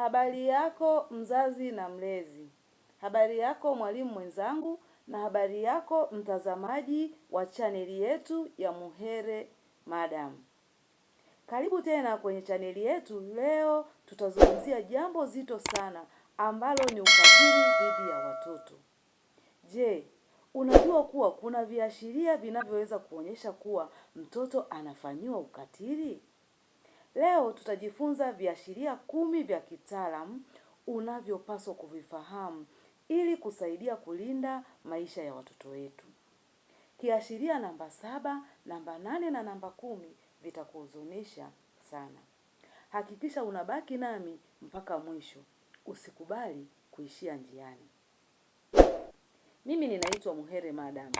habari yako mzazi na mlezi, habari yako mwalimu mwenzangu, na habari yako mtazamaji wa chaneli yetu ya Muhere Madam. Karibu tena kwenye chaneli yetu. Leo tutazungumzia jambo zito sana ambalo ni ukatili dhidi ya watoto. Je, unajua kuwa kuna viashiria vinavyoweza kuonyesha kuwa mtoto anafanyiwa ukatili? Leo tutajifunza viashiria kumi vya kitaalamu unavyopaswa kuvifahamu ili kusaidia kulinda maisha ya watoto wetu. Kiashiria namba saba, namba nane na namba kumi vitakuhuzunisha sana. Hakikisha unabaki nami mpaka mwisho. Usikubali kuishia njiani. Mimi ninaitwa Muhere Madam.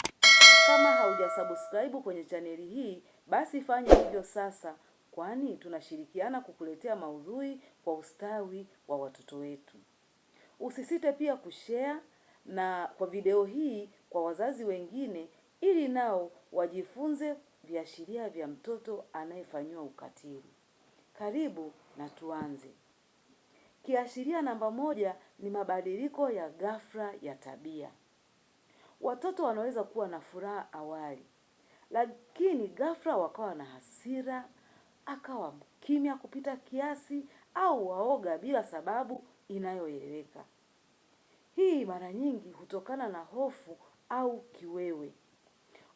Kama haujasubscribe kwenye chaneli hii, basi fanya hivyo sasa kwani tunashirikiana kukuletea maudhui kwa ustawi wa watoto wetu. Usisite pia kushare na kwa video hii kwa wazazi wengine ili nao wajifunze viashiria vya mtoto anayefanyiwa ukatili. Karibu na tuanze. Kiashiria namba moja ni mabadiliko ya ghafla ya tabia. Watoto wanaweza kuwa na furaha awali, lakini ghafla wakawa na hasira, akawa mkimya kupita kiasi au waoga bila sababu inayoeleweka. Hii mara nyingi hutokana na hofu au kiwewe.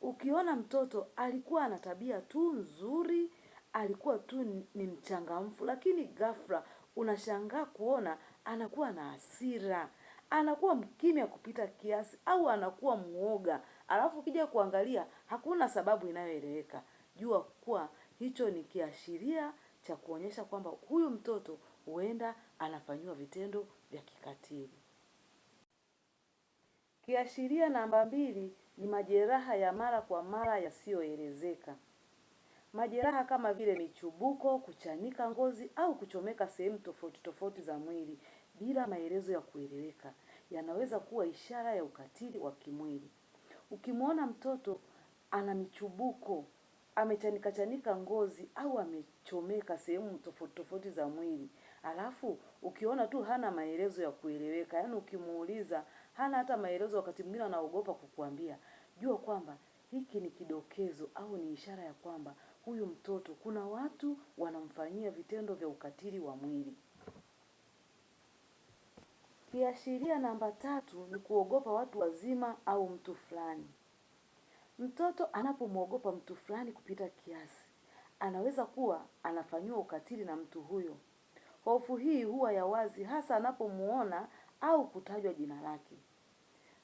Ukiona mtoto alikuwa ana tabia tu nzuri, alikuwa tu ni mchangamfu, lakini ghafla unashangaa kuona anakuwa na hasira, anakuwa mkimya kupita kiasi au anakuwa mwoga, alafu ukija kuangalia hakuna sababu inayoeleweka. Jua kuwa hicho ni kiashiria cha kuonyesha kwamba huyu mtoto huenda anafanyiwa vitendo vya kikatili. Kiashiria namba mbili ni majeraha ya mara kwa mara yasiyoelezeka. Majeraha kama vile michubuko, kuchanika ngozi au kuchomeka sehemu tofauti tofauti za mwili bila maelezo ya kueleweka yanaweza kuwa ishara ya ukatili wa kimwili. Ukimwona mtoto ana michubuko amechanikachanika ngozi au amechomeka sehemu tofauti tofauti za mwili. Alafu ukiona tu hana maelezo ya kueleweka, yaani ukimuuliza hana hata maelezo, wakati mwingine anaogopa kukuambia, jua kwamba hiki ni kidokezo au ni ishara ya kwamba huyu mtoto kuna watu wanamfanyia vitendo vya ukatili wa mwili. Kiashiria namba tatu ni kuogopa watu wazima au mtu fulani. Mtoto anapomwogopa mtu fulani kupita kiasi, anaweza kuwa anafanyiwa ukatili na mtu huyo. Hofu hii huwa ya wazi hasa anapomuona au kutajwa jina lake.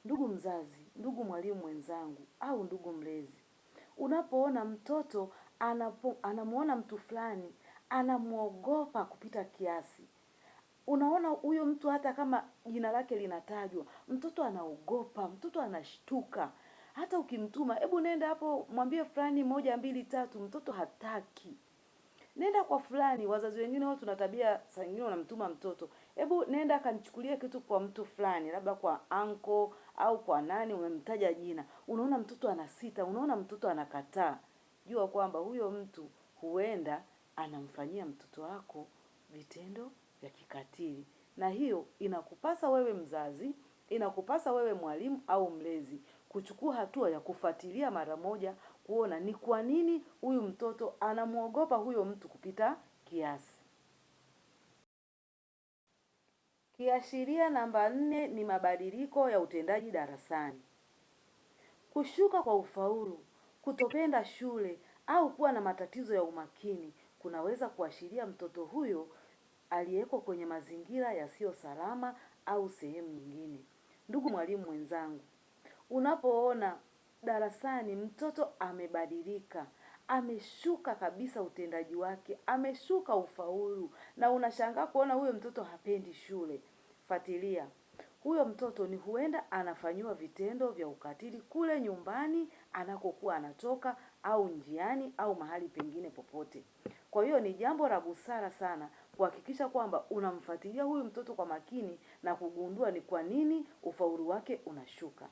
Ndugu mzazi, ndugu mwalimu mwenzangu au ndugu mlezi, unapoona mtoto anapo anamuona mtu fulani anamwogopa kupita kiasi, unaona huyo mtu hata kama jina lake linatajwa, mtoto anaogopa, mtoto anashtuka, hata ukimtuma, hebu nenda hapo mwambie fulani moja mbili tatu, mtoto hataki. Nenda kwa fulani, wazazi wengine wao tuna tabia, saa nyingine unamtuma mtoto, hebu nenda akanichukulia kitu kwa mtu fulani, labda kwa anko au kwa nani, umemtaja jina, unaona mtoto anasita, unaona mtoto anakataa, jua kwamba huyo mtu huenda anamfanyia mtoto wako vitendo vya kikatili, na hiyo inakupasa wewe mzazi, inakupasa wewe mwalimu au mlezi kuchukua hatua ya kufuatilia mara moja kuona ni kwa nini huyu mtoto anamwogopa huyo mtu kupita kiasi. Kiashiria namba nne ni mabadiliko ya utendaji darasani. Kushuka kwa ufaulu, kutopenda shule au kuwa na matatizo ya umakini kunaweza kuashiria mtoto huyo aliyeko kwenye mazingira yasiyo salama au sehemu nyingine. Ndugu mwalimu mwenzangu, Unapoona darasani mtoto amebadilika, ameshuka kabisa utendaji wake, ameshuka ufaulu na unashangaa kuona huyo mtoto hapendi shule. Fuatilia. Huyo mtoto ni huenda anafanyiwa vitendo vya ukatili kule nyumbani anakokuwa anatoka au njiani au mahali pengine popote. Kwa hiyo ni jambo la busara sana kuhakikisha kwamba unamfuatilia huyu mtoto kwa makini na kugundua ni kwa nini ufaulu wake unashuka.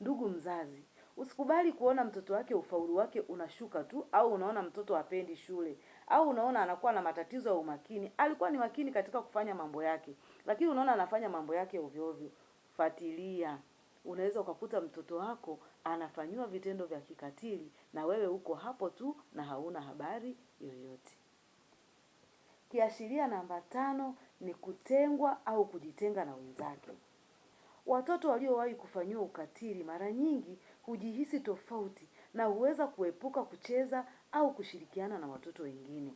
Ndugu mzazi, usikubali kuona mtoto wake ufaulu wake unashuka tu, au unaona mtoto apendi shule, au unaona anakuwa na matatizo ya umakini. Alikuwa ni makini katika kufanya mambo yake, lakini unaona anafanya mambo yake ovyo ovyo. Fuatilia, unaweza ukakuta mtoto wako anafanyiwa vitendo vya kikatili na wewe uko hapo tu na hauna habari yoyote. Kiashiria namba tano ni kutengwa au kujitenga na wenzake. Watoto waliowahi kufanyiwa ukatili mara nyingi hujihisi tofauti na huweza kuepuka kucheza au kushirikiana na watoto wengine.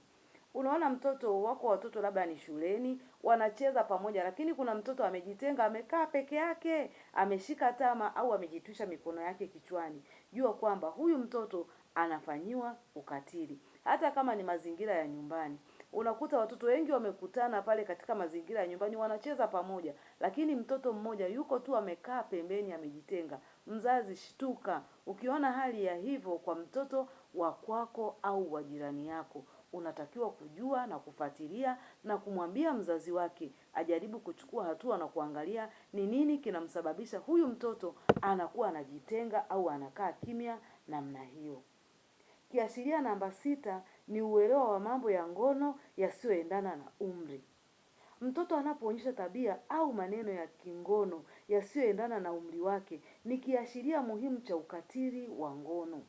Unaona mtoto wako, watoto labda ni shuleni, wanacheza pamoja, lakini kuna mtoto amejitenga, amekaa peke yake, ameshika tama au amejitwisha mikono yake kichwani. Jua kwamba huyu mtoto anafanyiwa ukatili. Hata kama ni mazingira ya nyumbani unakuta watoto wengi wamekutana pale katika mazingira ya nyumbani, wanacheza pamoja, lakini mtoto mmoja yuko tu amekaa pembeni, amejitenga. Mzazi shtuka, ukiona hali ya hivyo kwa mtoto wa kwako au wa jirani yako, unatakiwa kujua na kufuatilia na kumwambia mzazi wake ajaribu kuchukua hatua na kuangalia ni nini kinamsababisha huyu mtoto anakuwa anajitenga au anakaa kimya namna hiyo. Kiashiria namba sita ni uelewa wa mambo ya ngono yasiyoendana na umri. Mtoto anapoonyesha tabia au maneno ya kingono yasiyoendana na umri wake ni kiashiria muhimu cha ukatili wa ngono.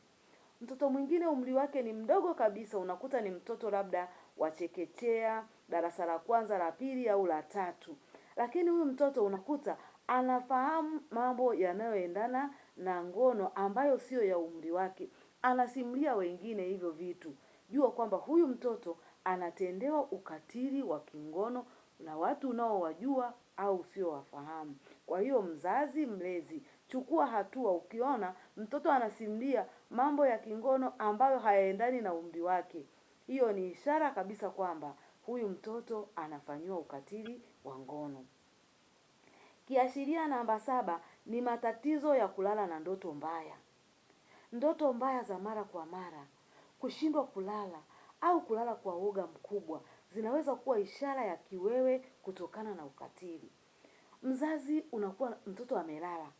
Mtoto mwingine umri wake ni mdogo kabisa, unakuta ni mtoto labda wa chekechea, darasa la kwanza, la pili au la tatu, lakini huyu mtoto unakuta anafahamu mambo yanayoendana na ngono ambayo siyo ya umri wake, anasimulia wengine hivyo vitu jua kwamba huyu mtoto anatendewa ukatili wa kingono na watu unaowajua au usiowafahamu. Kwa hiyo, mzazi mlezi, chukua hatua ukiona mtoto anasimulia mambo ya kingono ambayo hayaendani na umri wake. Hiyo ni ishara kabisa kwamba huyu mtoto anafanyiwa ukatili wa ngono. Kiashiria namba saba ni matatizo ya kulala na ndoto mbaya. Ndoto mbaya za mara kwa mara kushindwa kulala au kulala kwa woga mkubwa zinaweza kuwa ishara ya kiwewe kutokana na ukatili. Mzazi unakuwa mtoto amelala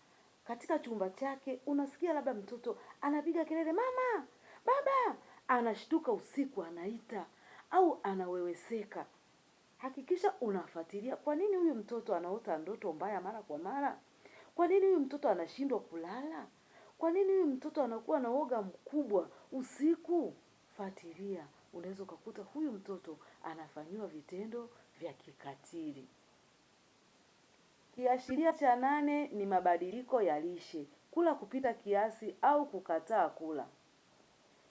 katika chumba chake, unasikia labda mtoto anapiga kelele, mama, baba, anashtuka usiku anaita au anaweweseka. Hakikisha unafuatilia kwa nini huyu mtoto anaota ndoto mbaya mara kwa mara. Kwa nini huyu mtoto anashindwa kulala? Kwa nini huyu mtoto anakuwa na woga mkubwa usiku? fatilia unaweza ukakuta huyu mtoto anafanyiwa vitendo vya kikatili. Kiashiria cha nane ni mabadiliko ya lishe, kula kupita kiasi au kukataa kula.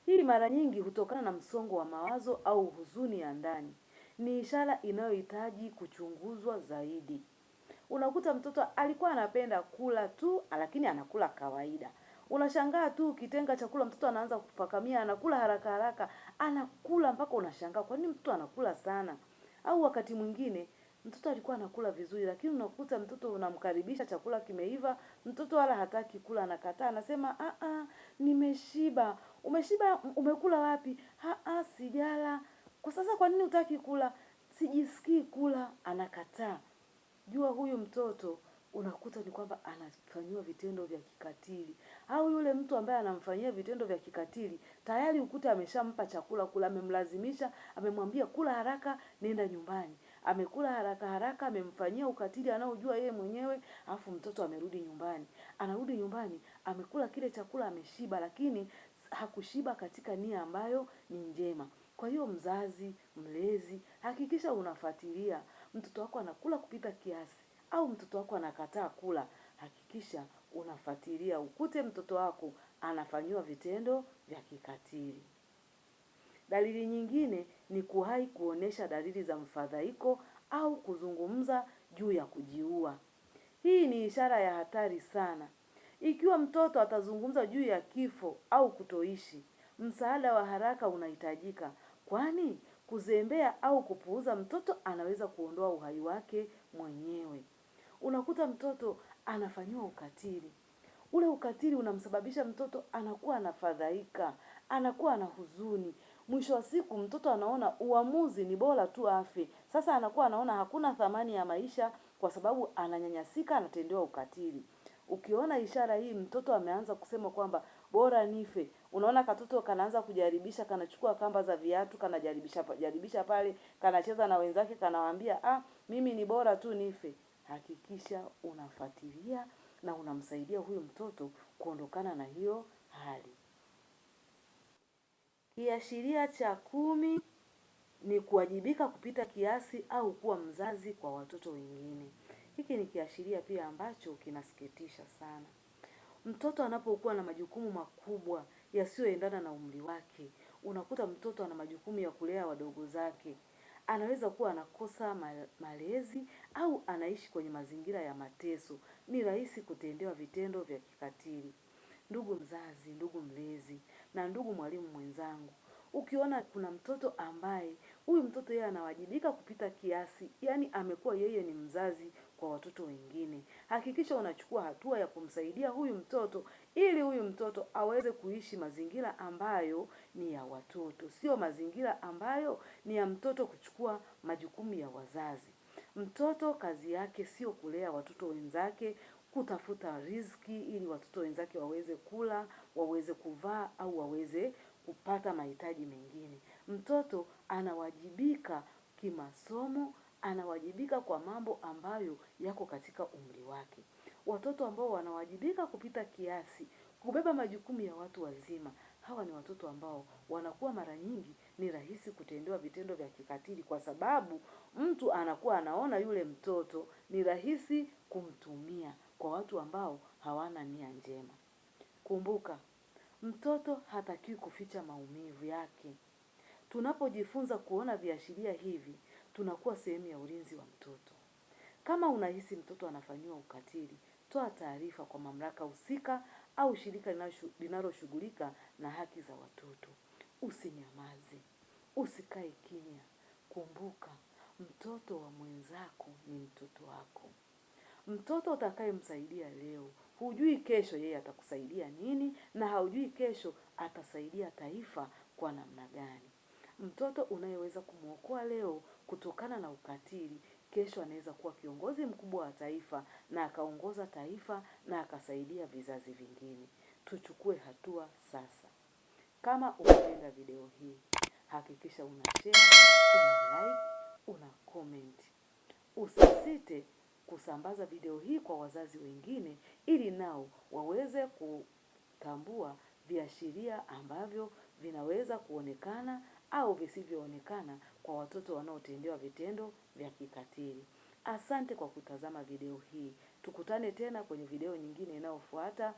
Hii mara nyingi hutokana na msongo wa mawazo au huzuni ya ndani. Ni ishara inayohitaji kuchunguzwa zaidi. Unakuta mtoto alikuwa anapenda kula tu, lakini anakula kawaida, Unashangaa tu ukitenga chakula mtoto anaanza kufakamia, anakula haraka haraka, anakula mpaka unashangaa kwa nini mtoto anakula sana. Au wakati mwingine mtoto alikuwa anakula vizuri, lakini unakuta mtoto unamkaribisha, chakula kimeiva, mtoto wala hataki kula, anakataa, anasema a a, nimeshiba. Umeshiba? Umekula wapi? A a, sijala. Kwa sasa, kwa nini utaki kula? Sijisikii kula, anakataa. Jua huyu mtoto unakuta ni kwamba anafanyiwa vitendo vya kikatili, au yule mtu ambaye anamfanyia vitendo vya kikatili tayari ukuta ameshampa chakula kula, amemlazimisha, amemwambia kula haraka, nenda nyumbani, amekula haraka haraka, amemfanyia ukatili anaojua yeye mwenyewe, alafu mtoto amerudi nyumbani. Anarudi nyumbani, amekula kile chakula, ameshiba, lakini hakushiba katika nia ambayo ni njema. Kwa hiyo mzazi, mlezi, hakikisha unafuatilia mtoto wako anakula kupita kiasi au mtoto wako anakataa kula, hakikisha unafuatilia ukute mtoto wako anafanyiwa vitendo vya kikatili. Dalili nyingine ni kuhai kuonesha dalili za mfadhaiko au kuzungumza juu ya kujiua. Hii ni ishara ya hatari sana. Ikiwa mtoto atazungumza juu ya kifo au kutoishi, msaada wa haraka unahitajika, kwani kuzembea au kupuuza mtoto anaweza kuondoa uhai wake mwenyewe unakuta mtoto anafanyiwa ukatili. Ule ukatili unamsababisha mtoto anakuwa anafadhaika, anakuwa ana huzuni. Mwisho wa siku mtoto anaona uamuzi ni bora tu afe. Sasa anakuwa anaona hakuna thamani ya maisha kwa sababu ananyanyasika, anatendewa ukatili. Ukiona ishara hii, mtoto ameanza kusema kwamba bora nife. Unaona katoto kanaanza kujaribisha, kanachukua kamba za viatu, kanajaribisha jaribisha pale, kanacheza na wenzake, kanawaambia ah, mimi ni bora tu nife hakikisha unafuatilia na unamsaidia huyu mtoto kuondokana na hiyo hali. Kiashiria cha kumi ni kuwajibika kupita kiasi au kuwa mzazi kwa watoto wengine. Hiki ni kiashiria pia ambacho kinasikitisha sana. Mtoto anapokuwa na majukumu makubwa yasiyoendana na umri wake, unakuta mtoto ana majukumu ya kulea wadogo zake anaweza kuwa anakosa malezi au anaishi kwenye mazingira ya mateso, ni rahisi kutendewa vitendo vya kikatili. Ndugu mzazi, ndugu mlezi na ndugu mwalimu mwenzangu, ukiona kuna mtoto ambaye huyu mtoto yeye anawajibika kupita kiasi, yaani amekuwa yeye ni mzazi kwa watoto wengine. Hakikisha unachukua hatua ya kumsaidia huyu mtoto ili huyu mtoto aweze kuishi mazingira ambayo ni ya watoto, sio mazingira ambayo ni ya mtoto kuchukua majukumu ya wazazi. Mtoto kazi yake sio kulea watoto wenzake, kutafuta riziki ili watoto wenzake waweze kula, waweze kuvaa au waweze kupata mahitaji mengine. Mtoto anawajibika kimasomo anawajibika kwa mambo ambayo yako katika umri wake. Watoto ambao wanawajibika kupita kiasi kubeba majukumu ya watu wazima, hawa ni watoto ambao wanakuwa mara nyingi ni rahisi kutendewa vitendo vya kikatili, kwa sababu mtu anakuwa anaona yule mtoto ni rahisi kumtumia kwa watu ambao hawana nia njema. Kumbuka, mtoto hatakiwi kuficha maumivu yake. Tunapojifunza kuona viashiria hivi, tunakuwa sehemu ya ulinzi wa mtoto. Kama unahisi mtoto anafanyiwa ukatili, toa taarifa kwa mamlaka husika au shirika linaloshughulika na haki za watoto. Usinyamaze, usikae kimya. Kumbuka, mtoto wa mwenzako ni mtoto wako. Mtoto utakayemsaidia leo, hujui kesho yeye atakusaidia nini, na haujui kesho atasaidia taifa kwa namna gani. Mtoto unayeweza kumwokoa leo kutokana na ukatili, kesho anaweza kuwa kiongozi mkubwa wa taifa na akaongoza taifa na akasaidia vizazi vingine. Tuchukue hatua sasa. Kama umependa video hii, hakikisha una share, una like, una comment. Usisite kusambaza video hii kwa wazazi wengine ili nao waweze kutambua viashiria ambavyo vinaweza kuonekana au visivyoonekana kwa watoto wanaotendewa vitendo vya kikatili. Asante kwa kutazama video hii. Tukutane tena kwenye video nyingine inayofuata.